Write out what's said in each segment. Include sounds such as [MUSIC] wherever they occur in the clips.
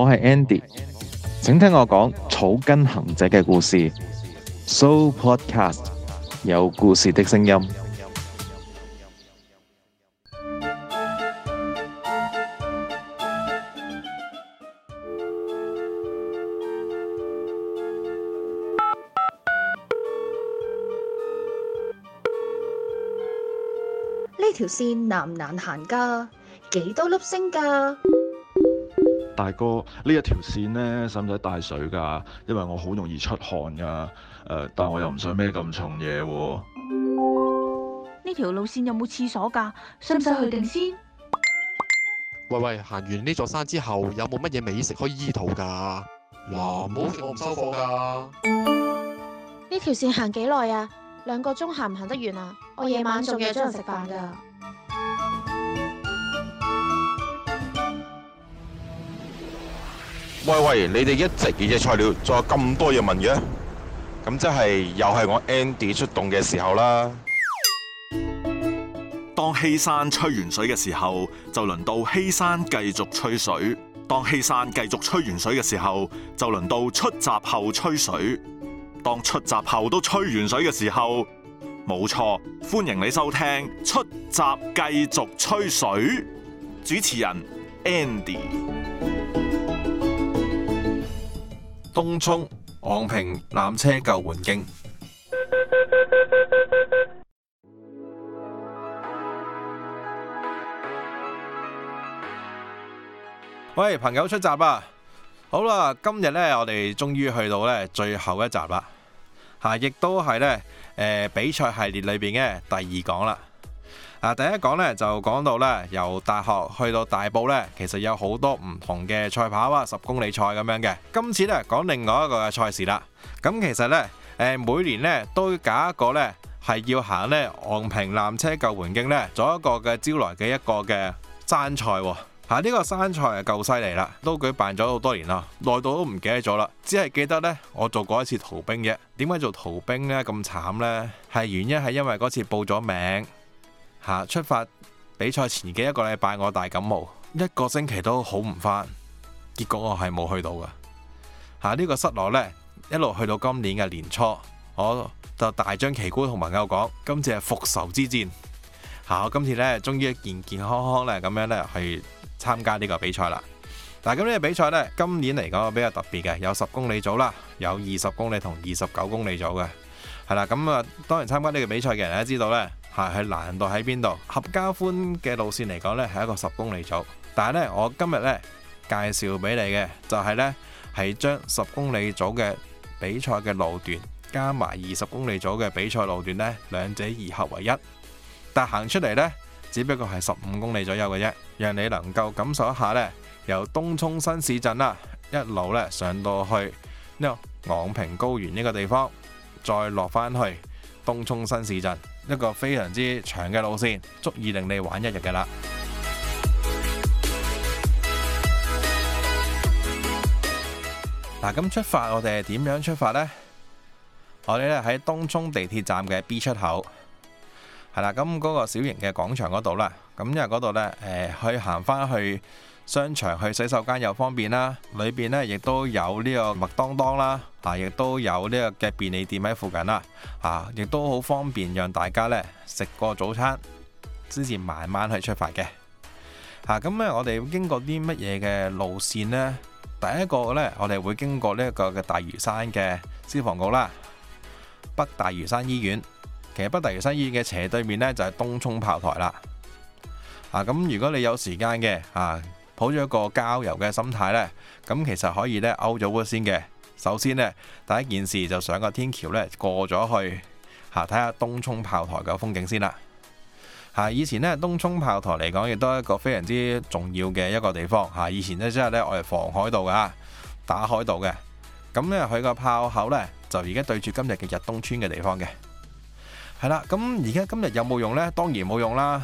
我係 Andy，請聽我講草根行者嘅故事。So Podcast，有故事的聲音。呢條線難唔難行㗎？幾多粒星㗎？大哥，呢一條線呢，使唔使帶水噶？因為我好容易出汗噶。誒、呃，但係我又唔想孭咁重嘢喎、啊。呢條路線有冇廁所噶？使唔使去定先？喂喂，行完呢座山之後有冇乜嘢美食可以醫肚噶？嗱、嗯，唔好食我唔收貨㗎。呢條線行幾耐啊？兩、啊、個鐘行唔行得完啊？我夜晚仲約咗人食飯㗎。喂喂，你哋一直幾隻菜鳥，仲有咁多嘢問嘅？咁即係又係我 Andy 出動嘅時候啦。當希山吹完水嘅時候，就輪到希山繼續吹水。當希山繼續吹完水嘅時候，就輪到出閘後吹水。當出閘後都吹完水嘅時候，冇錯，歡迎你收聽出閘繼續吹水。主持人 Andy。東涌昂坪纜車救援徑，喂，朋友出閘啊！好啦，今日呢，我哋終於去到呢最後一集啦，吓亦都係呢、呃、比賽系列裏邊嘅第二講啦。啊！第一講咧就講到咧由大學去到大埔咧，其實有好多唔同嘅賽跑啊，十公里賽咁樣嘅。今次咧講另外一個嘅賽事啦。咁其實咧誒每年咧都搞一個咧係要行咧昂坪纜車救援徑咧，做一個嘅招來嘅一個嘅山賽、哦。嚇、啊、呢、呢個山賽啊夠犀利啦，都舉辦咗好多年啦，耐到都唔記得咗啦，只係記得咧我做過一次逃兵啫。點解做逃兵咧咁慘咧？係原因係因為嗰次報咗名。出發比賽前嘅一個禮拜，我大感冒，一個星期都好唔返，結果我係冇去到噶。吓，呢個失落呢，一路去到今年嘅年初，我就大張旗鼓同朋友講，今次係復仇之戰。吓，我今次呢終於健健康康咧，咁樣呢，去參加呢個比賽啦。嗱，咁呢個比賽呢，今年嚟講比較特別嘅，有十公里組啦，有二十公里同二十九公里組嘅，係啦，咁啊，當然參加呢個比賽嘅人，都知道呢。係，係難度喺邊度？合家歡嘅路線嚟講咧，係一個十公里組，但係咧，我今日咧介紹俾你嘅就係咧，係將十公里組嘅比賽嘅路段加埋二十公里組嘅比賽路段咧，兩者二合為一，但行出嚟咧，只不過係十五公里左右嘅啫，讓你能夠感受一下咧，由東涌新市鎮啦，一路咧上到去呢個昂平高原呢個地方，再落返去東涌新市鎮。一個非常之長嘅路線，足以令你玩一日嘅啦。嗱，咁 [MUSIC] 出發，我哋係點樣出發呢？我哋咧喺東涌地鐵站嘅 B 出口，係啦，咁、那、嗰個小型嘅廣場嗰度啦。咁因為嗰度呢，誒，去行返去。商場去洗手間又方便啦，裏邊呢亦都有呢個麥當當啦，啊，亦都有呢個嘅便利店喺附近啦，啊，亦都好方便，讓大家呢食過早餐先至慢慢去出發嘅。啊，咁呢，我哋經過啲乜嘢嘅路線呢？第一個呢，我哋會經過呢一個嘅大嶼山嘅消防局啦，北大嶼山醫院，其實北大嶼山醫院嘅斜對面呢，就係東涌炮台啦。啊，咁如果你有時間嘅啊～抱咗一個郊遊嘅心態呢，咁，其實可以呢勾咗烏先嘅。首先呢，第一件事就上個天橋呢過咗去嚇，睇下東涌炮台嘅風景先啦。嚇，以前呢，東涌炮台嚟講亦都係一個非常之重要嘅一個地方嚇。以前呢，即係呢，我哋防海盜噶，打海盜嘅，咁呢佢個炮口呢，就而家對住今日嘅日東村嘅地方嘅。係啦，咁而家今日有冇用呢？當然冇用啦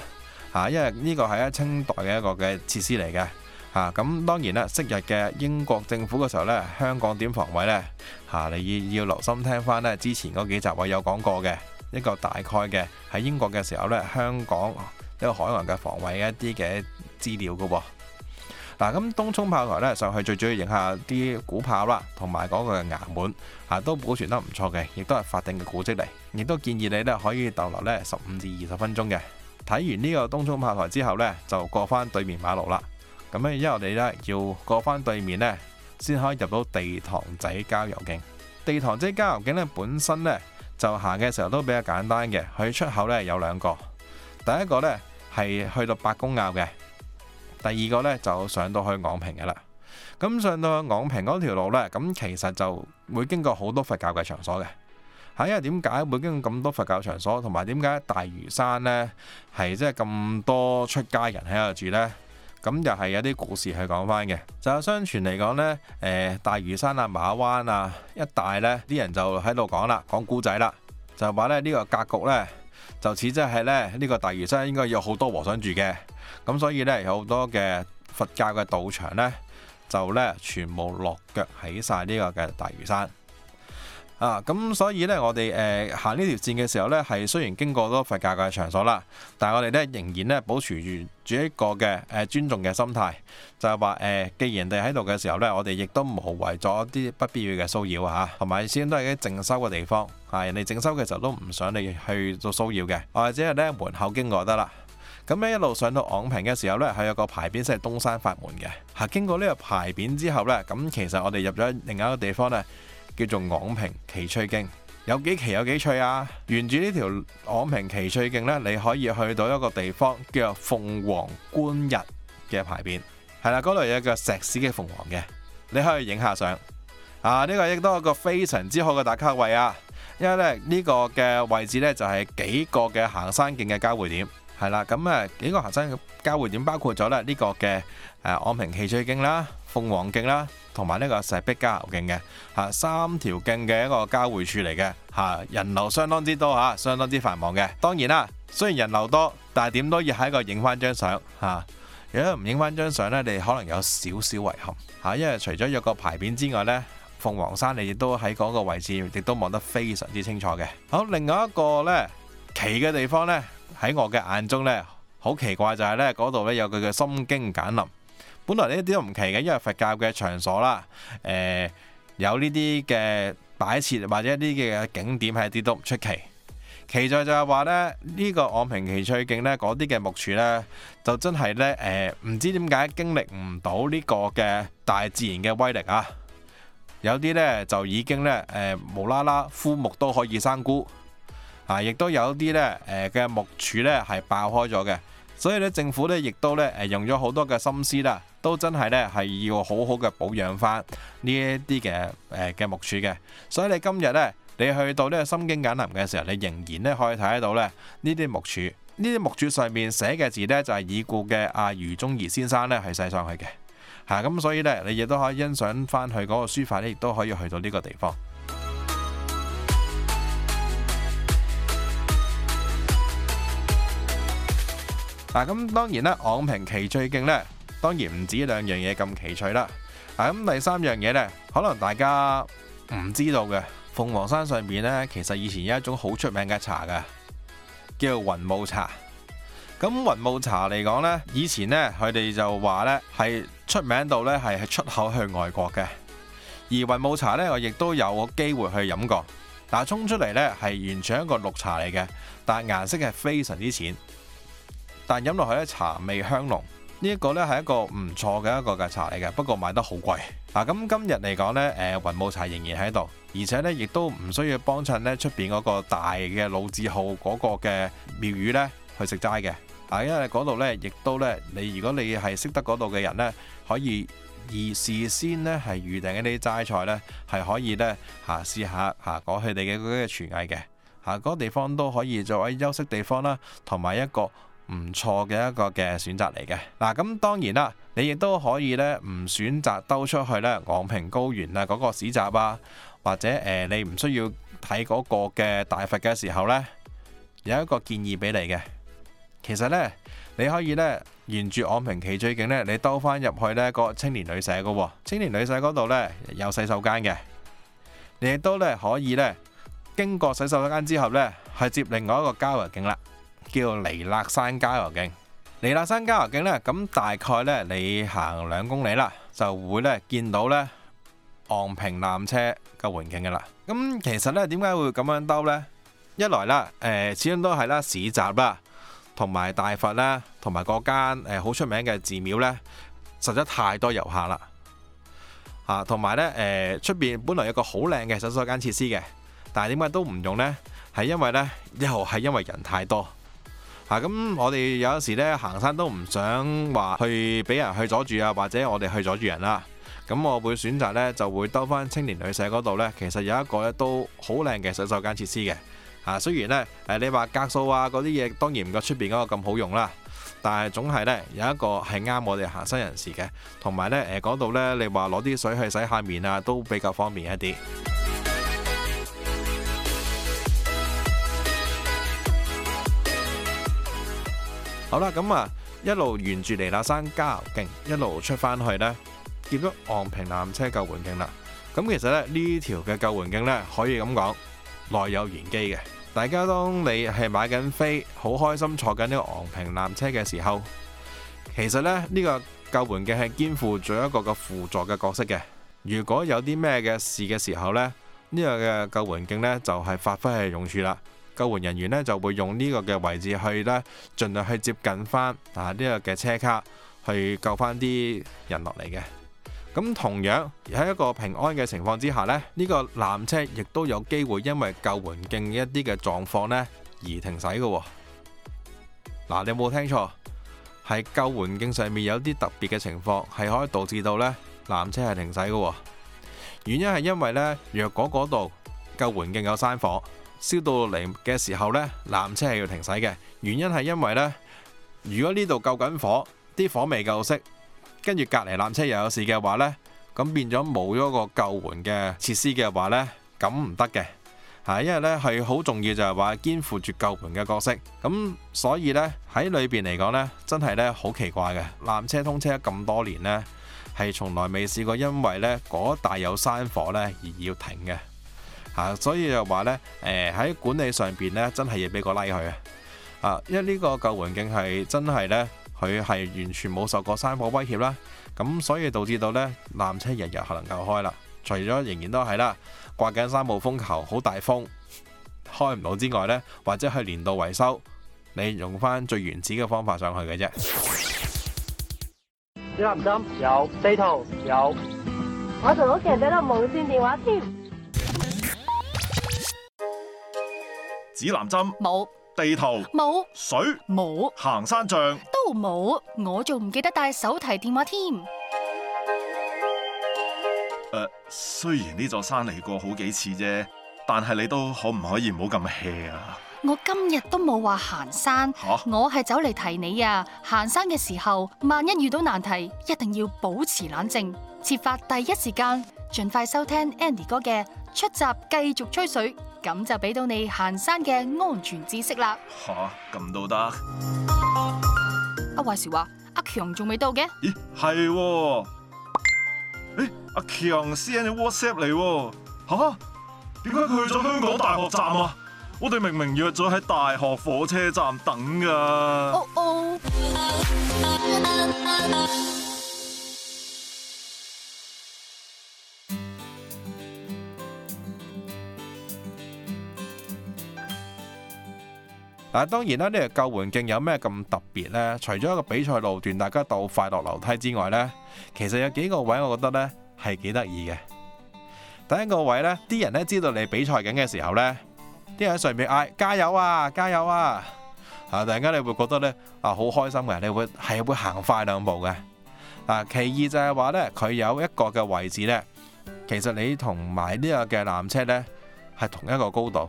嚇，因為呢個係一清代嘅一個嘅設施嚟嘅。啊，咁當然啦，昔日嘅英國政府嘅時候呢，香港點防衞呢？嚇，你要要留心聽翻呢，之前嗰幾集我有講過嘅一個大概嘅喺英國嘅時候呢，香港一個海岸嘅防衞一啲嘅資料嘅喎。嗱、啊、咁東涌炮台呢，上去最主要影下啲古炮啦，同埋嗰個嘅衙門嚇、啊、都保存得唔錯嘅，亦都係法定嘅古跡嚟，亦都建議你呢可以逗留呢十五至二十分鐘嘅。睇完呢個東涌炮台之後呢，就過返對面馬路啦。咁咧，因為我哋咧要過翻對面呢，先可以入到地堂仔郊遊徑。地堂仔郊遊徑呢，本身呢，就行嘅時候都比較簡單嘅。佢出口呢，有兩個，第一個呢，係去到白公坳嘅，第二個呢，就上到去昂平嘅啦。咁上到去昂平嗰條路呢，咁其實就會經過好多佛教嘅場所嘅。係呀，點解會經過咁多佛教場所？同埋點解大嶼山呢，係即係咁多出家人喺度住呢？咁又係有啲故事係講翻嘅，就係相傳嚟講呢、呃，大嶼山啊馬灣啊一帶呢啲人就喺度講啦，講古仔啦，就話咧呢個格局呢，就似即係呢個大嶼山應該有好多和尚住嘅，咁所以呢，有好多嘅佛教嘅道場呢，就呢全部落腳喺晒呢個嘅大嶼山。啊，咁所以呢，我哋誒行呢條線嘅時候呢，係雖然經過咗佛教嘅場所啦，但係我哋呢仍然呢保持住一個嘅誒、呃、尊重嘅心態，就係話誒，既然人哋喺度嘅時候呢，我哋亦都無謂咗啲不必要嘅騷擾嚇，同埋先都係啲淨修嘅地方，啊，人哋淨修嘅時候都唔想你去做騷擾嘅，或者係呢門口經過就得啦。咁呢一路上到昂坪嘅時候呢，係有個牌匾先係東山法門嘅，嚇、啊，經過呢個牌匾之後呢，咁其實我哋入咗另一個地方呢。叫做昂平奇趣徑，有幾奇有幾趣啊！沿住呢條昂平奇趣徑呢，你可以去到一個地方叫做鳳凰觀日嘅牌匾，係啦，嗰度有一個石屎嘅鳳凰嘅，你可以影下相。啊，呢個亦都有個非常之好嘅打卡位啊，因為呢呢個嘅位置呢，就係幾個嘅行山徑嘅交匯點。係啦，咁誒幾個行山嘅交匯點包括咗呢個嘅誒安平氣水徑啦、鳳凰徑啦，同埋呢個石壁郊遊徑嘅三條徑嘅一個交匯處嚟嘅。人流相當之多，相當之繁忙嘅。當然啦，雖然人流多，但係點都要喺度影返張相嚇。如果唔影返張相呢，你可能有少少遺憾，因為除咗約個牌匾之外呢，鳳凰山你亦都喺嗰個位置，亦都望得非常之清楚嘅。好，另外一個呢奇嘅地方呢。喺我嘅眼中呢，好奇怪就係呢嗰度呢，有佢嘅《心經》簡林。本來呢一啲都唔奇嘅，因為佛教嘅場所啦，誒、呃、有呢啲嘅擺設或者一啲嘅景點係一啲都唔出奇。奇在就係話呢，呢、呢個昂坪奇趣徑呢嗰啲嘅木柱呢，就真係呢，誒、呃，唔知點解經歷唔到呢個嘅大自然嘅威力啊！有啲呢，就已經呢，誒、呃，無啦啦枯木都可以生菇。啊，亦都有啲咧，誒、呃、嘅木柱咧係爆開咗嘅。所以咧政府咧亦都咧誒用咗好多嘅心思啦，都真係咧係要好好嘅保養翻呢一啲嘅誒嘅木柱嘅。所以你今日咧，你去到呢、這個心經簡林嘅時候，你仍然咧可以睇得到咧呢啲木柱，呢啲木柱上面寫嘅字咧就係、是、已故嘅阿余宗儀先生咧係寫上去嘅，嚇、啊、咁所以咧你亦都可以欣賞翻佢嗰個書法咧，亦都可以去到呢個地方。嗱，咁當然咧，昂坪奇趣徑咧，當然唔止兩樣嘢咁奇趣啦。嗱，咁第三樣嘢咧，可能大家唔知道嘅，鳳凰山上邊咧，其實以前有一種好出名嘅茶嘅，叫做雲霧茶。咁雲霧茶嚟講咧，以前咧佢哋就話咧，係出名到咧係出口去外國嘅。而雲霧茶咧，我亦都有個機會去飲過。嗱，沖出嚟咧，係完全一個綠茶嚟嘅，但係顏色係非常之淺。但飲落去咧，茶味香濃呢、呢個、一個咧係一個唔錯嘅一個嘅茶嚟嘅。不過買得好貴。咁今日嚟講咧，誒雲霧茶仍然喺度，而且咧亦都唔需要幫襯咧出面嗰個大嘅老字號嗰個嘅廟宇咧去食齋嘅。嗱、啊，因為嗰度咧亦都咧你如果你係識得嗰度嘅人咧，可以而事先咧係預定一啲齋菜咧，係可以咧吓試下吓講佢哋嘅嗰嘅廚藝嘅嗰地方都可以作為休息地方啦，同埋一個。唔錯嘅一個嘅選擇嚟嘅，嗱，咁當然啦，你亦都可以咧唔選擇兜出去咧昂平高原啊，嗰個市集啊，或者誒你唔需要睇嗰個嘅大佛嘅時候咧，有一個建議俾你嘅，其實咧你可以咧沿住昂平奇最勁咧，你兜返入去咧個青年旅社嘅，青年旅社嗰度咧有洗手間嘅，你亦都咧可以咧經過洗手間之後咧去接另外一個郊遊景啦。叫尼勒山郊遊徑，尼勒山郊遊徑咧，咁大概咧，你行兩公里啦，就會咧見到咧昂平纜車個環境噶啦。咁其實咧，點解會咁樣兜咧？一來啦，誒，始終都係啦市集啦，同埋大佛啦，同埋嗰間誒好出名嘅寺廟咧，實在太多遊客啦吓，同埋咧，誒，出邊本來有個好靚嘅洗手間設施嘅，但係點解都唔用咧？係因為咧，又係因為人太多。咁、啊、我哋有時咧行山都唔想話去俾人去阻住啊，或者我哋去阻住人啦。咁我會選擇咧就會兜返青年旅舍嗰度咧。其實有一個咧都好靚嘅洗手間設施嘅。啊，雖然咧誒你話隔數啊嗰啲嘢當然唔夠出邊嗰個咁好用啦，但係總係咧有一個係啱我哋行山人士嘅，同埋咧誒嗰度咧你話攞啲水去洗下面啊都比較方便一啲。好啦，咁啊，一路沿住彌勒山郊遊徑，一路出返去呢見到昂坪纜車救援徑啦。咁其實咧呢條嘅救援徑呢，可以咁講，內有玄機嘅。大家當你係買緊飛，好開心坐緊呢個昂坪纜車嘅時候，其實呢個救援徑係肩負咗一個個輔助嘅角色嘅。如果有啲咩嘅事嘅時候呢，呢、呢個嘅救援徑呢，就係發揮係用處啦。救援人員咧就會用呢個嘅位置去咧，盡量去接近翻啊呢個嘅車卡，去救翻啲人落嚟嘅。咁同樣喺一個平安嘅情況之下咧，呢個纜車亦都有機會因為救援徑一啲嘅狀況咧而停駛嘅。嗱，你有冇聽錯？喺救援徑上面有啲特別嘅情況，係可以導致到咧纜車係停駛嘅。原因係因為咧，若果嗰度救援徑有山火。燒到嚟嘅時候咧，纜車係要停駛嘅，原因係因為咧，如果呢度救緊火，啲火未救熄，跟住隔籬纜車又有事嘅話咧，咁變咗冇咗個救援嘅設施嘅話咧，咁唔得嘅吓，因為咧係好重要就係話肩負住救援嘅角色，咁所以咧喺裏邊嚟講咧，真係咧好奇怪嘅，纜車通車咁多年咧，係從來未試過因為咧嗰帶有山火咧而要停嘅。吓，所以就話咧，誒喺管理上邊咧，真係要俾個 like 佢啊！因為呢個舊環境係真係咧，佢係完全冇受過山火威脅啦，咁所以導致到咧，纜車日日可能夠開啦。除咗仍然都係啦，掛緊三號風球，好大風，開唔到之外咧，或者係年度維修，你用翻最原始嘅方法上去嘅啫。指南針有，地圖有，有，我同屋企人整到無線電話添。指南針冇，地圖冇，水冇，行山杖都冇，我仲唔記得帶手提電話添。誒、呃，雖然呢座山嚟過好幾次啫，但係你都可唔可以唔好咁 hea 啊？我今日都冇話行山，我係走嚟提你啊。行山嘅時候，萬一遇到難題，一定要保持冷靜，設法第一時間盡快收聽 Andy 哥嘅出集，繼續吹水。咁就俾到你行山嘅安全知識啦！吓，咁都得？阿偉時話阿強仲未到嘅？咦係？誒，阿強先喺你 WhatsApp 嚟？吓、啊？點解佢去咗香港大學站啊、嗯？我哋明明約咗喺大學火車站等噶。Oh-oh. Uh-huh. 嗱，當然啦，呢個救援徑有咩咁特別呢？除咗一個比賽路段，大家到快樂樓梯之外呢，其實有幾個位，我覺得呢係幾得意嘅。第一個位呢，啲人呢知道你比賽緊嘅時候呢，啲人喺上面嗌加油啊，加油啊！啊，突然間你會覺得呢啊，好開心嘅，你會係會行快兩步嘅。啊，其二就係話呢，佢有一個嘅位置呢，其實你同埋呢個嘅纜車呢係同一個高度。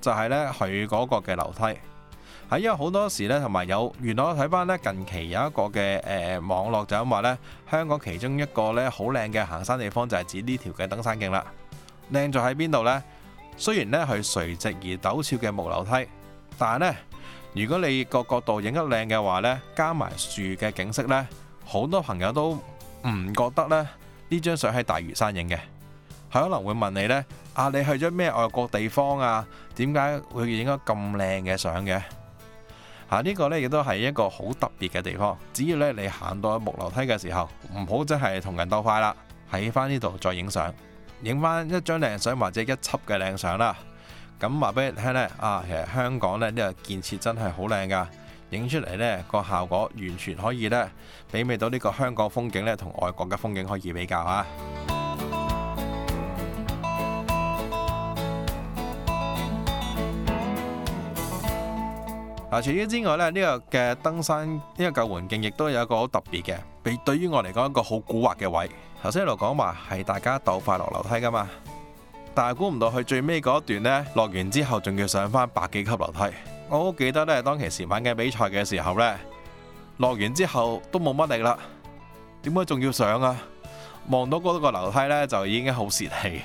就係呢，佢嗰個嘅樓梯，係因為好多時呢，同埋有原來我睇返呢近期有一個嘅誒、呃、網絡就話呢，香港其中一個呢好靚嘅行山地方就係指呢條嘅登山徑啦。靚在喺邊度呢？雖然呢係垂直而陡峭嘅木樓梯，但係呢，如果你個角度影得靚嘅話呢，加埋樹嘅景色呢，好多朋友都唔覺得呢，呢張相喺大嶼山影嘅。佢可能會問你呢啊，你去咗咩外國地方啊？點解會影咗咁靚嘅相嘅？嚇、啊，呢、呢個呢亦都係一個好特別嘅地方。只要呢，你行到木樓梯嘅時候，唔好真係同人鬥快啦，喺翻呢度再影相，影翻一張靚相或者一輯嘅靚相啦。咁話俾你聽呢，啊，其實香港呢呢個建設真係好靚噶，影出嚟呢個效果完全可以呢，媲美到呢個香港風景呢同外國嘅風景可以比較啊！嗱，除此之外咧，呢、這個嘅登山呢、這個救援徑亦都有一個好特別嘅，比對於我嚟講一個好古惑嘅位置。頭先一路講話係大家鬥快落樓梯噶嘛，但係估唔到去最尾嗰一段呢，落完之後仲要上返百幾級樓梯。我好記得呢，當其時晚嘅比賽嘅時候呢，落完之後都冇乜力啦，點解仲要上啊？望到嗰個樓梯呢，梯就已經好泄氣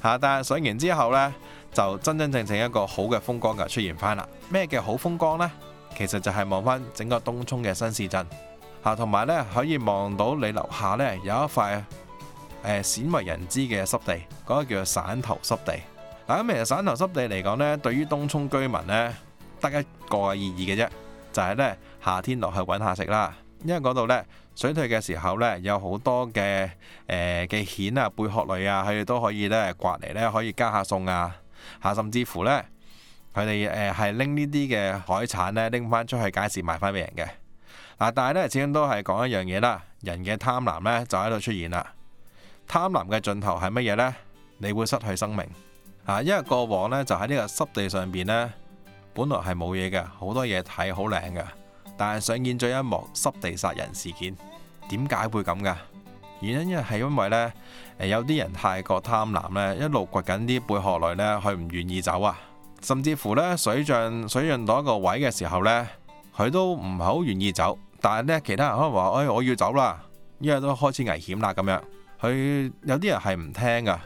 嚇，但係上完之後呢。就真真正正一個好嘅風光就出現返啦！咩叫好風光呢？其實就係望返整個東涌嘅新市鎮吓，同埋呢可以望到你樓下呢有一塊誒鮮為人知嘅濕地，嗰個叫做散頭濕地嗱。咁其實散頭濕地嚟講呢，對於東涌居民呢，得一個意義嘅啫，就係呢夏天落去揾下食啦，因為嗰度呢，水退嘅時候呢，有好多嘅、呃、嘅蜆啊、貝殼類啊，佢哋都可以呢刮嚟呢，可以加下餸啊。吓，甚至乎呢，佢哋誒係拎呢啲嘅海產咧，拎翻出去街市賣翻俾人嘅。嗱，但係呢，始終都係講一樣嘢啦，人嘅貪婪呢，就喺度出現啦。貪婪嘅盡頭係乜嘢呢？你會失去生命啊！因為過往呢，就喺呢個濕地上邊呢，本來係冇嘢嘅，好多嘢睇好靚嘅，但係上演咗一幕濕地殺人事件。點解會咁噶？原因係因為呢。有啲人太過貪婪咧，一路掘緊啲貝殼來咧，佢唔願意走啊！甚至乎咧，水漲水漲到一個位嘅時候咧，佢都唔係好願意走。但係咧，其他人可能話：哎，我要走啦，因為都開始危險啦咁樣。佢有啲人係唔聽噶，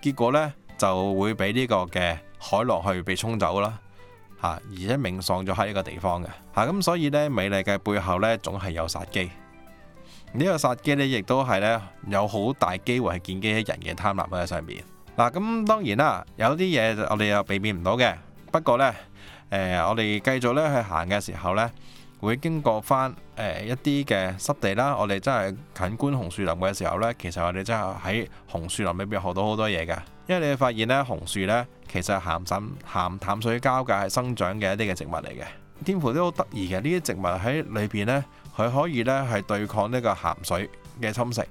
結果咧就會俾呢個嘅海浪去被沖走啦，嚇！而且命喪咗喺呢個地方嘅嚇。咁所以咧，美麗嘅背後咧總係有殺機。呢、這個殺機呢，亦都係呢，有好大機會係見機於人嘅貪婪喺上邊。嗱，咁當然啦，有啲嘢我哋又避免唔到嘅。不過呢，誒、呃，我哋繼續呢去行嘅時候呢，會經過返誒一啲嘅濕地啦。我哋真係近觀紅樹林嘅時候呢，其實我哋真係喺紅樹林裏邊學到好多嘢嘅。因為你會發現呢，紅樹呢，其實係鹹沈鹹淡水交界係生長嘅一啲嘅植物嚟嘅，天父都好得意嘅。呢啲植物喺裏邊呢。佢可以咧係對抗呢個鹹水嘅侵蝕，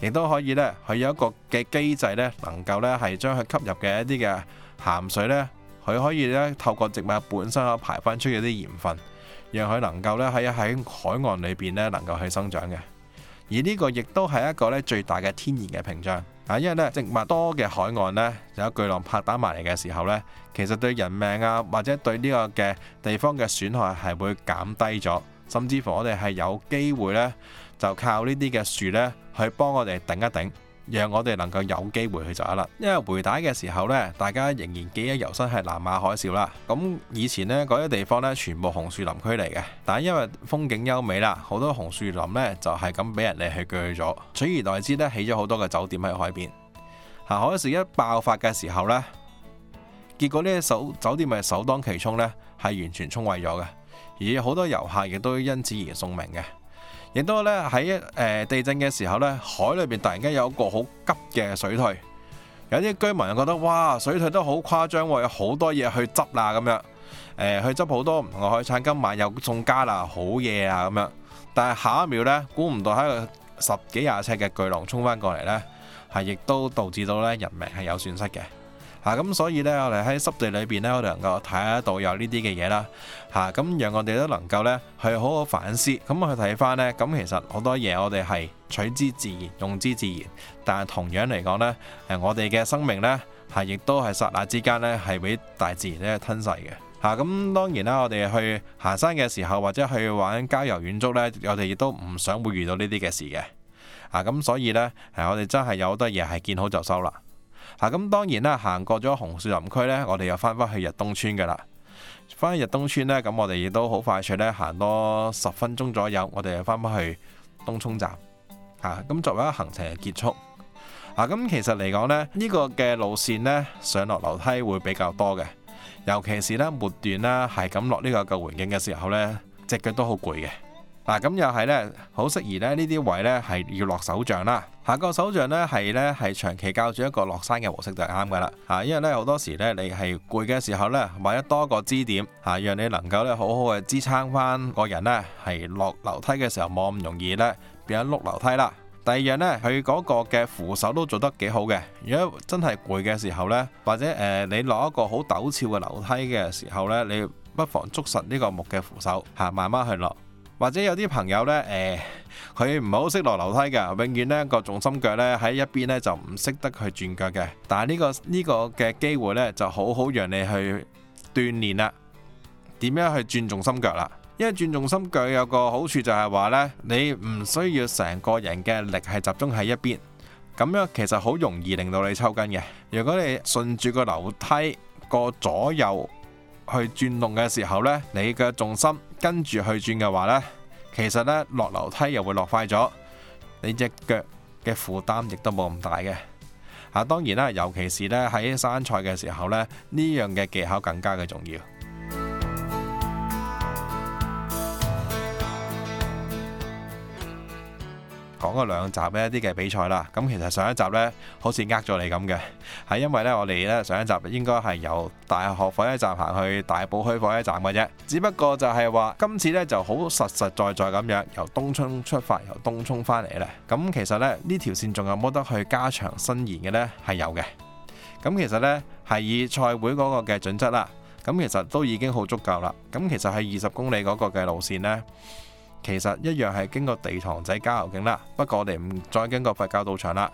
亦都可以咧佢有一個嘅機制咧，能夠咧係將佢吸入嘅一啲嘅鹹水咧，佢可以咧透過植物本身啊排翻出一啲鹽分，讓佢能夠咧喺喺海岸裏邊咧能夠去生長嘅。而呢個亦都係一個咧最大嘅天然嘅屏障啊！因為咧植物多嘅海岸咧，有巨浪拍打埋嚟嘅時候咧，其實對人命啊或者對呢個嘅地方嘅損害係會減低咗。甚至乎我哋係有機會呢，就靠呢啲嘅樹呢去幫我哋頂一頂，讓我哋能夠有機會去就一啦。因為回帶嘅時候呢，大家仍然記憶猶新係南亞海嘯啦。咁以前呢，嗰啲地方呢，全部紅樹林區嚟嘅，但係因為風景優美啦，好多紅樹林呢就係咁俾人哋去鋸咗，取而代之呢，起咗好多嘅酒店喺海邊。嚇海嘯一爆發嘅時候呢，結果呢啲酒酒店咪首當其衝呢，係完全沖毀咗嘅。而好多遊客亦都因此而送命嘅，亦都呢，喺誒地震嘅時候呢，海裏邊突然間有一個好急嘅水退，有啲居民覺得哇水退得好誇張喎，有好多嘢去執啦咁樣，誒去執好多唔同嘅海產，今晚又送家啦，好嘢啊咁樣，但係下一秒呢，估唔到喺個十幾廿尺嘅巨浪沖返過嚟呢，係亦都導致到呢，人命係有損失嘅。啊，咁所以呢，我哋喺濕地裏邊呢，我哋能夠睇得到有呢啲嘅嘢啦。嚇、啊，咁讓我哋都能夠呢，去好好反思，咁去睇返呢，咁其實好多嘢我哋係取之自然，用之自然，但係同樣嚟講呢，誒我哋嘅生命呢，係亦都係剎那之間呢，係俾大自然呢吞噬嘅。嚇、啊，咁當然啦，我哋去行山嘅時候或者去玩郊遊遠足呢，我哋亦都唔想會遇到呢啲嘅事嘅。咁、啊、所以呢，啊、我哋真係有好多嘢係見好就收啦。嗱，咁當然啦，行過咗紅樹林區呢，我哋又返返去日東村嘅啦。返去日東村呢，咁我哋亦都好快脆呢。行多十分鐘左右，我哋又返返去東涌站。咁作為一個行程嘅結束。咁其實嚟講呢，呢、呢個嘅路線呢，上落樓梯會比較多嘅，尤其是呢末段啦，係咁落呢個舊環境嘅時候呢，隻腳都好攰嘅。嗱，咁又係咧，好適宜咧。呢啲位咧係要落手杖啦。下個手杖咧，係咧係長期教住一個落山嘅模式，就係啱噶啦。啊，因為咧好多時咧你係攰嘅時候咧，揾多個支點嚇，讓你能夠咧好好嘅支撐翻個人咧，係落樓梯嘅時候冇咁容易咧變咗碌樓梯啦。第二樣咧，佢嗰個嘅扶手都做得幾好嘅。如果真係攰嘅時候咧，或者誒你落一個好陡峭嘅樓梯嘅時候咧，你不妨捉實呢個木嘅扶手嚇，慢慢去落。或者有啲朋友呢，誒佢唔係好識落樓梯嘅，永遠呢個重心腳呢喺一邊呢就唔識得去轉腳嘅。但係呢個呢個嘅機會呢就好好讓你去鍛鍊啦，點樣去轉重心腳啦。因為轉重心腳有個好處就係話呢，你唔需要成個人嘅力係集中喺一邊，咁樣其實好容易令到你抽筋嘅。如果你順住個樓梯個左右。去轉動嘅時候呢，你嘅重心跟住去轉嘅話呢，其實呢落樓梯又會落快咗，你隻腳嘅負擔亦都冇咁大嘅。啊，當然啦，尤其是呢喺生菜嘅時候呢，呢樣嘅技巧更加嘅重要。講咗兩集呢一啲嘅比賽啦，咁其實上一集呢，好似呃咗你咁嘅，係因為呢我哋呢上一集應該係由大學火車站行去大埔墟火車站嘅啫，只不過就係話今次呢就好實實在在咁樣由東涌出發，由東涌返嚟啦。咁其實呢，呢條綫仲有冇得去加長伸延嘅呢？係有嘅。咁其實呢，係以賽會嗰個嘅準則啦，咁其實都已經好足夠啦。咁其實係二十公里嗰個嘅路線呢。其實一樣係經過地塘仔郊遊徑啦，不過我哋唔再經過佛教道場啦，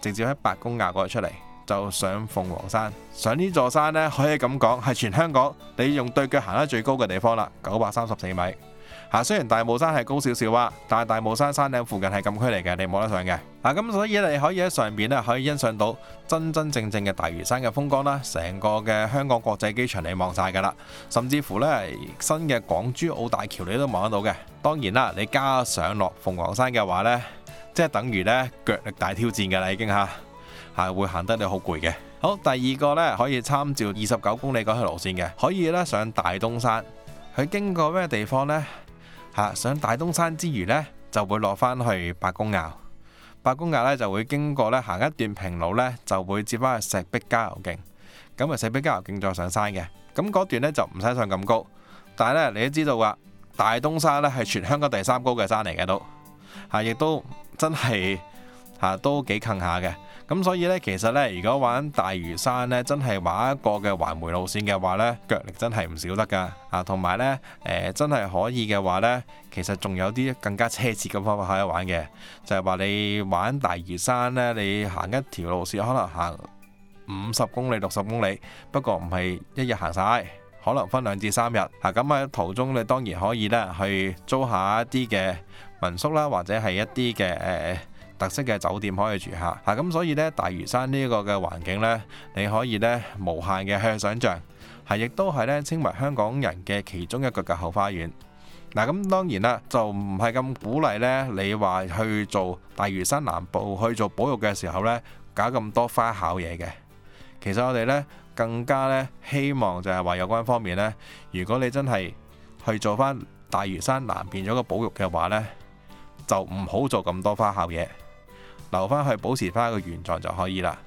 直接喺伯公坳過出嚟就上鳳凰山。上呢座山呢，可以咁講係全香港你用對腳行得最高嘅地方啦，九百三十四米嚇。雖然大帽山係高少少啊，但係大帽山山頂附近係禁區嚟嘅，你冇得上嘅嗱。咁所以你可以喺上邊咧可以欣賞到真真正正嘅大嶼山嘅風光啦，成個嘅香港國際機場你望晒噶啦，甚至乎咧新嘅港珠澳大橋你都望得到嘅。當然啦，你加上落鳳凰山嘅話呢，即係等於呢腳力大挑戰㗎喇，已經嚇，係會行得你好攰嘅。好，第二個呢，可以參照二十九公里嗰條路線嘅，可以呢，上大東山。佢經過咩地方呢？嚇上大東山之餘呢，就會落返去伯公坳。伯公坳呢，就會經過呢行一段平路呢，就會接返去石壁郊遊徑。咁啊，石壁郊遊徑再上山嘅，咁嗰段呢，就唔使上咁高，但係呢，你都知道噶。大東山呢係全香港第三高嘅山嚟嘅，啊，都嚇亦都真係嚇都幾近下嘅。咁所以呢，其實呢，如果玩大嶼山呢，真係玩一個嘅環迴路線嘅話呢，腳力真係唔少得㗎。啊，同埋呢，誒、呃、真係可以嘅話呢，其實仲有啲更加奢侈嘅方法可以玩嘅，就係、是、話你玩大嶼山呢，你行一條路線可能行五十公里、六十公里，不過唔係一日行晒。可能分兩至三日，嗱咁喺途中你當然可以呢去租下一啲嘅民宿啦，或者係一啲嘅誒特色嘅酒店可以住下，嗱咁所以呢，大嶼山呢個嘅環境呢，你可以呢無限嘅向想象，係亦都係呢稱為香港人嘅其中一個嘅後花園。嗱咁當然啦，就唔係咁鼓勵呢。你話去做大嶼山南部去做保育嘅時候呢，搞咁多花巧嘢嘅，其實我哋呢。更加咧希望就係話有關方面咧，如果你真係去做翻大嶼山南邊咗個保育嘅話呢，就唔好做咁多花巧嘢，留翻去保持翻個原狀就可以啦。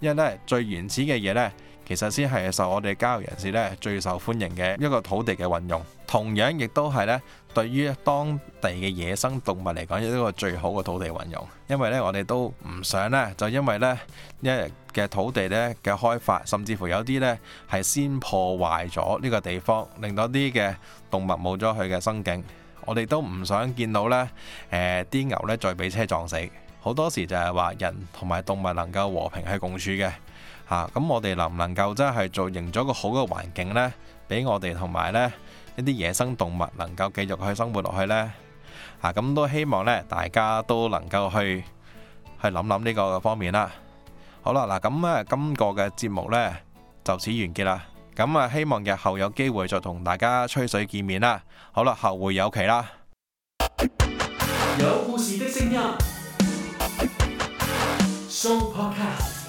因為呢，最原始嘅嘢呢，其實先係受我哋郊遊人士呢最受歡迎嘅一個土地嘅運用，同樣亦都係呢。對於當地嘅野生動物嚟講，一個最好嘅土地運用，因為咧我哋都唔想咧，就因為咧一日嘅土地咧嘅開發，甚至乎有啲咧係先破壞咗呢個地方，令到啲嘅動物冇咗佢嘅生境。我哋都唔想見到咧，誒啲牛咧再俾車撞死。好多時就係話人同埋動物能夠和平去共處嘅嚇。咁我哋能唔能夠真係造營咗個好嘅環境咧，俾我哋同埋咧，呢啲野生動物能夠繼續去生活落去呢，啊咁都希望呢大家都能夠去去諗諗呢個方面啦。好啦，嗱咁啊，今個嘅節目呢就此完結啦。咁啊，希望日後有機會再同大家吹水見面啦。好啦，後會有期啦。有故事的聲音，Show Podcast。